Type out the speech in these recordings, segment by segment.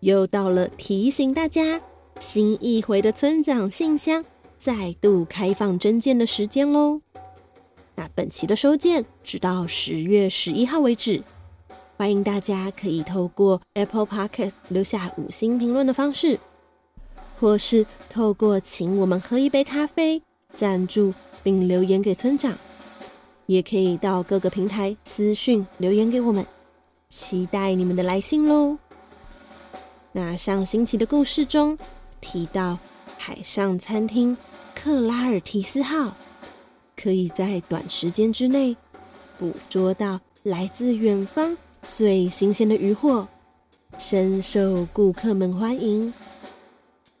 又到了提醒大家，新一回的村長信箱再度開放徵件的時間嘍。那本期的收件直到十月十一號為止，歡迎大家可以透過 Apple Podcast 留下五星評論的方式，或是透過請我們喝一杯咖啡贊助並留言給村長，也可以到各個平台私訊留言給我們，期待你們的來信嘍。那上星期的故事中提到，海上餐廳“克拉爾提斯號”可以在短時間之內捕捉到來自遠方最新鮮的漁獲，深受顧客們歡迎。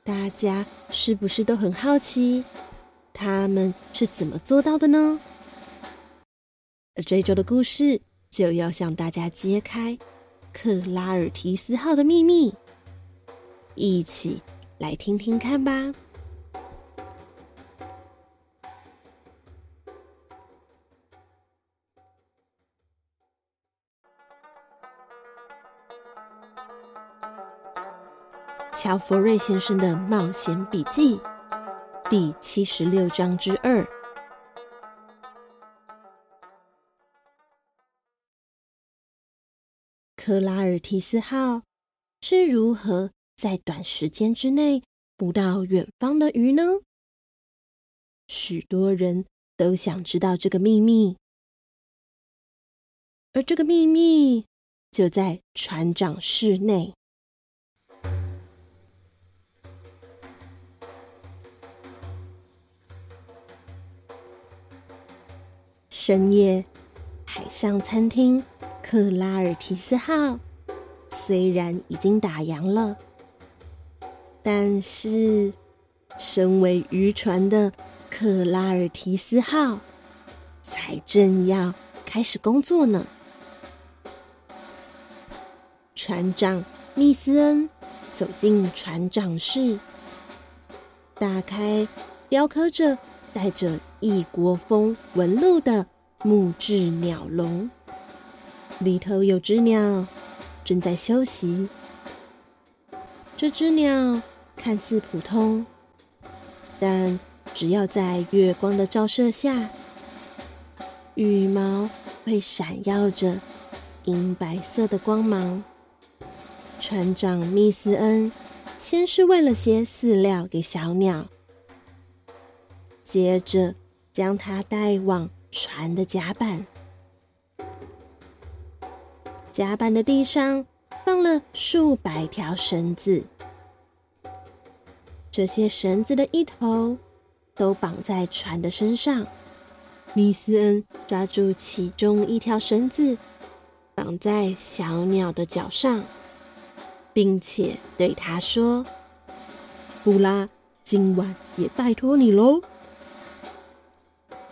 大家是不是都很好奇，他們是怎麼做到的呢？而這周的故事就要向大家揭開“克拉爾提斯號”的秘密。一起來聽聽看吧，《喬弗瑞先生的冒險筆記》第七十六章之二，《克拉爾提斯號》是如何在短時間之內捕到遠方的魚呢？許多人都想知道這個秘密，而這個秘密就在船長室內。深夜，海上餐廳“克拉爾提斯號”雖然已經打烊了。但是，身為漁船的克拉爾提斯號才正要開始工作呢。船長密斯恩走進船長室，打開雕刻着帶着異國風紋路的木質鳥籠，裡頭有只鳥正在休息。這只鳥看似普通，但只要在月光的照射下，羽毛會閃耀着銀白色的光芒。船長密斯恩先是餵了些飼料給小鳥，接着將它帶往船的甲板。甲板的地上。放了數百條繩子，這些繩子的一頭都綁在船的身上。米斯恩抓住其中一條繩子，綁在小鳥的腳上，並且對他說：“布拉，今晚也拜托你嘍。”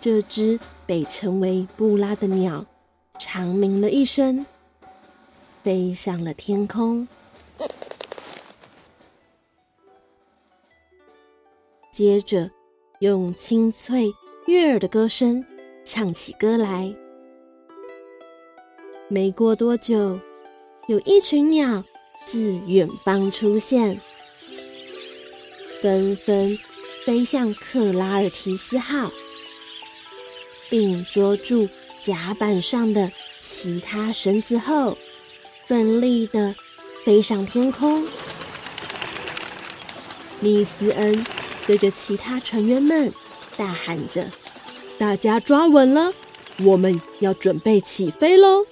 這只被稱為布拉的鳥長鳴了一聲。飛上了天空，接着用清脆悅耳的歌聲唱起歌來。沒過多久，有一群鳥自遠方出現，紛紛飛向克拉爾提斯號，並捉住甲板上的其他繩子後，奮力的飛上天空，尼斯恩對着其他船員們大喊着：“大家抓穩了，我們要準備起飛嘍！”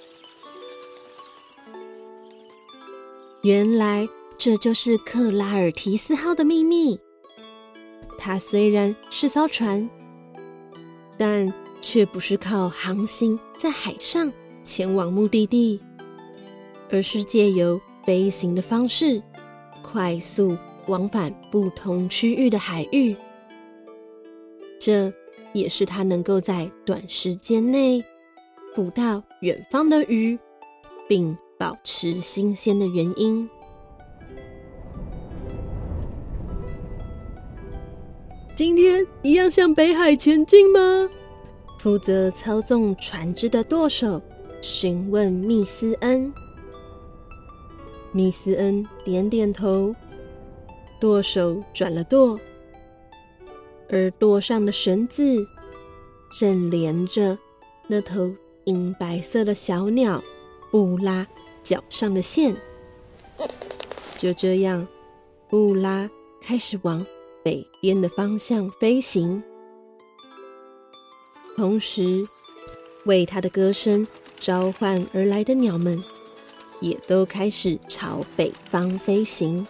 原來這就是克拉爾提斯號的秘密。它雖然是艘船，但卻不是靠航行在海上前往目的地。而是借由飛行的方式，快速往返不同區域的海域。這也是它能夠在短時間內捕到遠方的魚，並保持新鮮的原因。今天一樣向北海前進嗎？負責操縱船只的舵手詢問密斯恩。米斯恩點點頭，舵手轉了舵，而舵上的繩子正連着那頭銀白色的小鳥布拉腳上的線。就這樣，布拉開始往北邊的方向飛行，同時為他的歌聲召喚而來的鳥們也都開始朝北方飛行。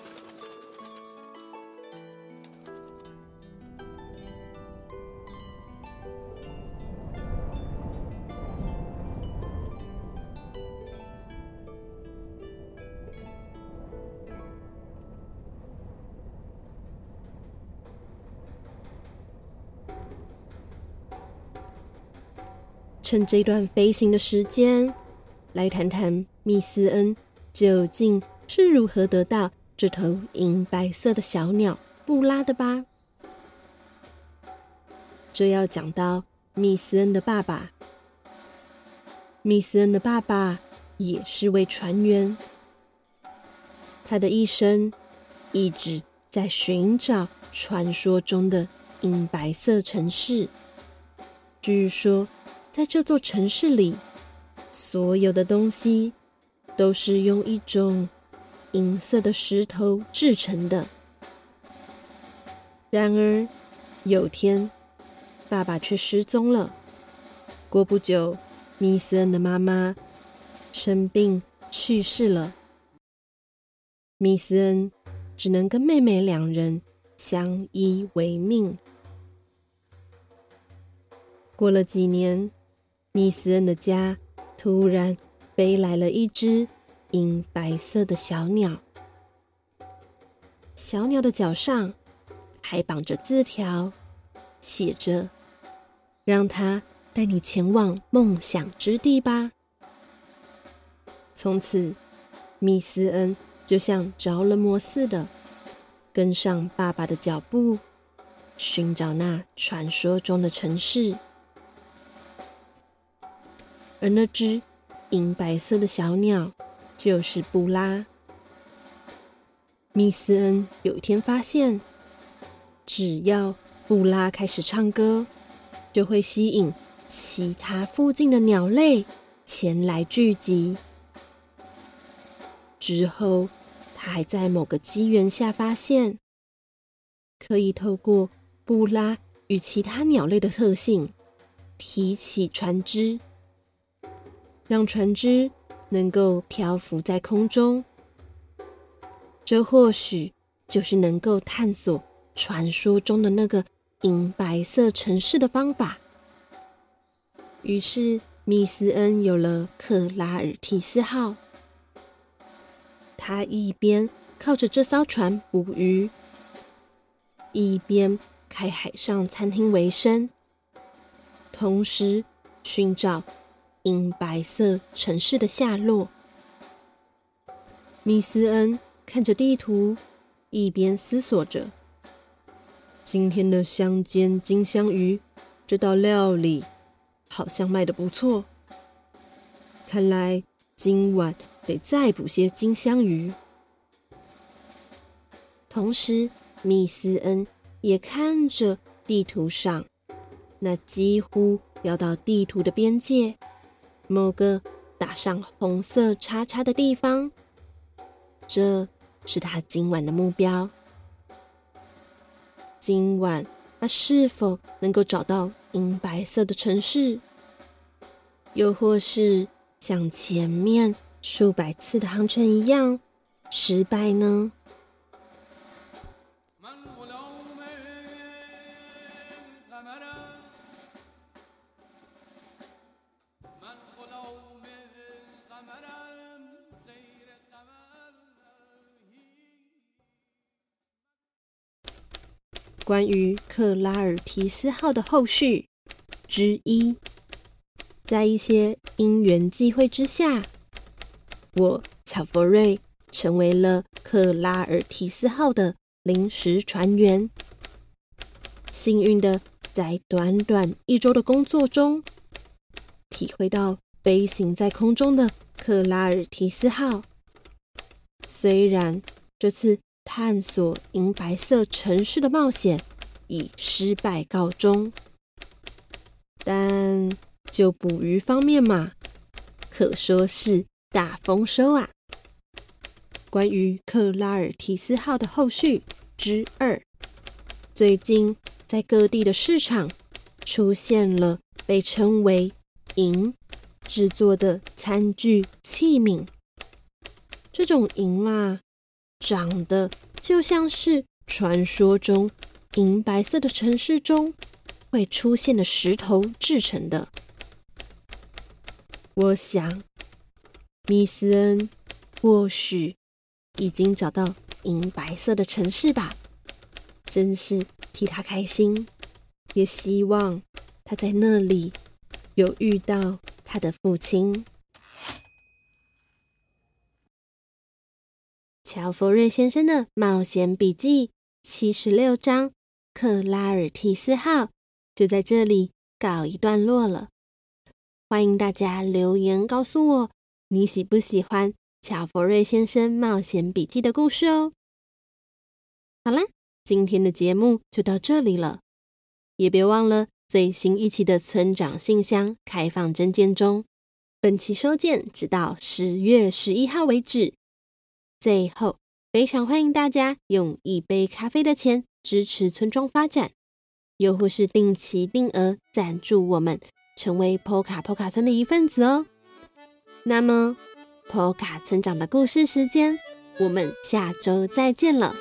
趁這段飛行的時間，來談談，密斯恩究竟是如何得到這頭銀白色的小鳥布拉的吧？這要講到密斯恩的爸爸。密斯恩的爸爸也是位船員，他的一生一直在尋找傳說中的銀白色城市。據說，在這座城市裡，所有的東西。都是用一種銀色的石頭制成的。然而，有天，爸爸卻失蹤了。過不久，米斯恩的媽媽生病去世了。米斯恩只能跟妹妹兩人相依為命。過了幾年，米斯恩的家突然。飛來了一隻銀白色的小鳥，小鳥的腳上還綁着字條，寫着：“讓它帶你前往夢想之地吧。”從此，米斯恩就像着了魔似的，跟上爸爸的腳步，尋找那傳說中的城市，而那隻。銀白色的小鳥就是布拉。密斯恩有一天發現，只要布拉開始唱歌，就會吸引其他附近的鳥類前來聚集。之後，他還在某個機緣下發現，可以透過布拉與其他鳥類的特性，提起船隻。讓船只能夠漂浮在空中，這或許就是能夠探索傳說中的那個銀白色城市的方法。於是，密斯恩有了克拉爾提斯號。他一邊靠着這艘船捕魚，一邊開海上餐廳為生，同時尋找，白色城市的下落。米斯恩看着地圖，一邊思索着今天的香煎金香魚這道料理好像賣得不錯，看來今晚得再補些金香魚。同時，米斯恩也看着地圖上那幾乎要到地圖的邊界，某個打上紅色叉叉的地方，這是他今晚的目標。今晚他是否能夠找到銀白色的城市？又或是像前面數百次的航程一樣失敗呢？關於克拉爾提斯號的後續之一，在一些因緣際會之下，我喬弗瑞成為了克拉爾提斯號的臨時船員。幸運的，在短短一周的工作中，體會到飛行在空中的克拉爾提斯號。雖然這次，探索銀白色城市的冒險以失敗告終，但就捕魚方面嘛，可說是大豐收啊！關於克拉爾提斯號的後續之二，最近在各地的市場出現了被稱為銀制作的餐具器皿，這種銀嘛、啊。長得就像是傳說中銀白色的城市中會出現的石頭制成的。我想，米斯恩或許已經找到銀白色的城市吧，真是替他開心，也希望他在那裡有遇到他的父親。喬弗瑞先生的冒險筆記七十六章《克拉爾提斯號》就在這裡告一段落了。歡迎大家留言告訴我你喜不喜歡喬弗瑞先生冒險筆記的故事哦。好啦，今天的節目就到這裡了，也別忘了最新一期的村長信箱開放徵件中，本期收件直到十月十一號為止。最後，非常歡迎大家用一杯咖啡的錢支持村莊發展，又或是定期定額贊助我們，成為 Poca Poca 村的一份子哦。那麼，Poca 村長的故事時間，我們下周再見了。